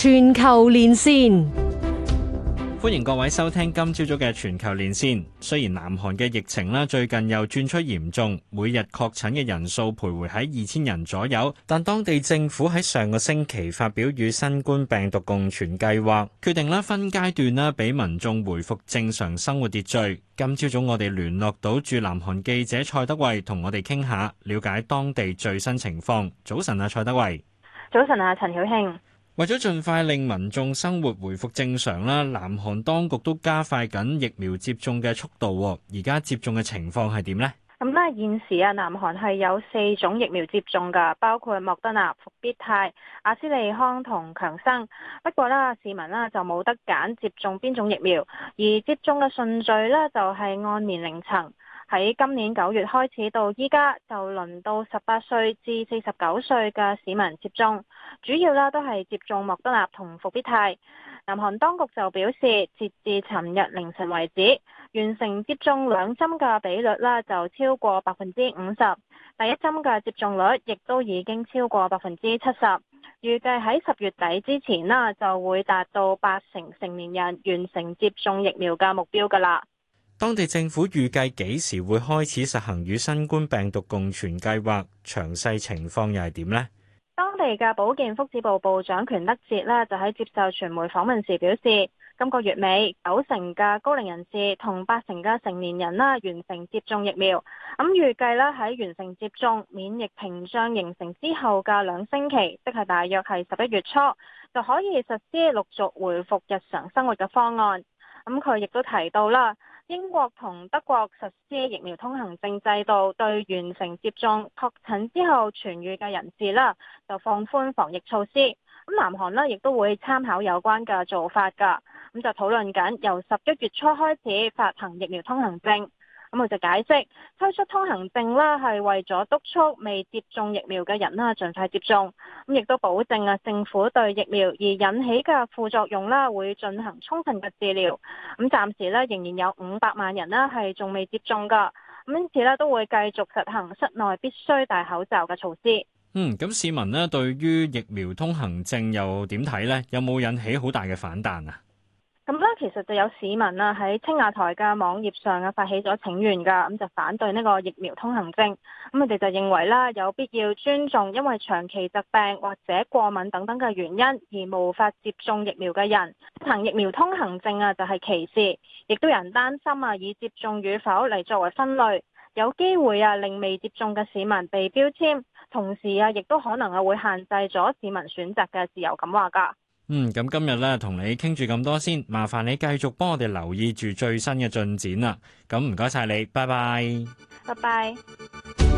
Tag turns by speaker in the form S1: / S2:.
S1: 全球連線，
S2: 歡迎各位收聽今朝早嘅全球連線。雖然南韓嘅疫情咧最近又轉趨嚴重，每日確診嘅人數徘徊喺二千人左右，但當地政府喺上個星期發表與新冠病毒共存計劃，決定咧分階段咧俾民眾回復正常生活秩序。今朝早我哋聯絡到駐南韓記者蔡德蕙，同我哋傾下了解當地最新情況。早晨啊，蔡德蕙。
S1: 早晨啊，陳曉慶。
S2: 為咗盡快令民眾生活回復正常啦，南韓當局都加快緊疫苗接種嘅速度。而家接種嘅情況係點呢？
S1: 咁咧現時啊，南韓係有四種疫苗接種㗎，包括莫德納、復必泰、阿斯利康同強生。不過咧，市民啦就冇得揀接種邊種疫苗，而接種嘅順序咧就係按年齡層。喺今年九月開始到依家，就輪到十八歲至四十九歲嘅市民接種，主要咧都係接種莫德納同復必泰。南韓當局就表示，截至尋日凌晨為止，完成接種兩針嘅比率咧就超過百分之五十，第一針嘅接種率亦都已經超過百分之七十。預計喺十月底之前啦，就會達到八成成年人完成接種疫苗嘅目標㗎啦。
S2: 當地政府預計幾時會開始實行與新冠病毒共存計劃？詳細情況又係點呢？
S1: 當地嘅保健福祉部部長權德哲呢，就喺接受傳媒訪問時表示，今個月尾九成嘅高齡人士同八成嘅成年人啦完成接種疫苗。咁預計咧喺完成接種免疫屏障形成之後嘅兩星期，即係大約係十一月初就可以實施陸續恢復日常生活嘅方案。咁佢亦都提到啦。英國同德國實施疫苗通行證制度，對完成接種、確診之後痊愈嘅人士啦，就放寬防疫措施。咁南韓呢，亦都會參考有關嘅做法噶。咁就討論緊由十一月初開始發行疫苗通行證。咁我就解釋，推出通行證啦，係為咗督促未接種疫苗嘅人啦，盡快接種，咁亦都保證啊政府對疫苗而引起嘅副作用啦，會進行充分嘅治療。咁暫時咧仍然有五百萬人啦係仲未接種噶，咁因此咧都會繼續實行室內必須戴口罩嘅措施。
S2: 嗯，咁市民呢，對於疫苗通行證又點睇呢？有冇引起好大嘅反彈啊？
S1: 其實就有市民啊喺青瓦台嘅網頁上啊發起咗請願㗎，咁就反對呢個疫苗通行證。咁佢哋就認為啦，有必要尊重因為長期疾病或者過敏等等嘅原因而無法接種疫苗嘅人，行疫苗通行證啊就係歧視。亦都有人擔心啊，以接種與否嚟作為分類，有機會啊令未接種嘅市民被標籤，同時啊亦都可能啊會限制咗市民選擇嘅自由感話㗎。
S2: 嗯，咁今日咧同你傾住咁多先，麻煩你繼續幫我哋留意住最新嘅進展啦。咁唔該晒你，拜拜，
S1: 拜拜。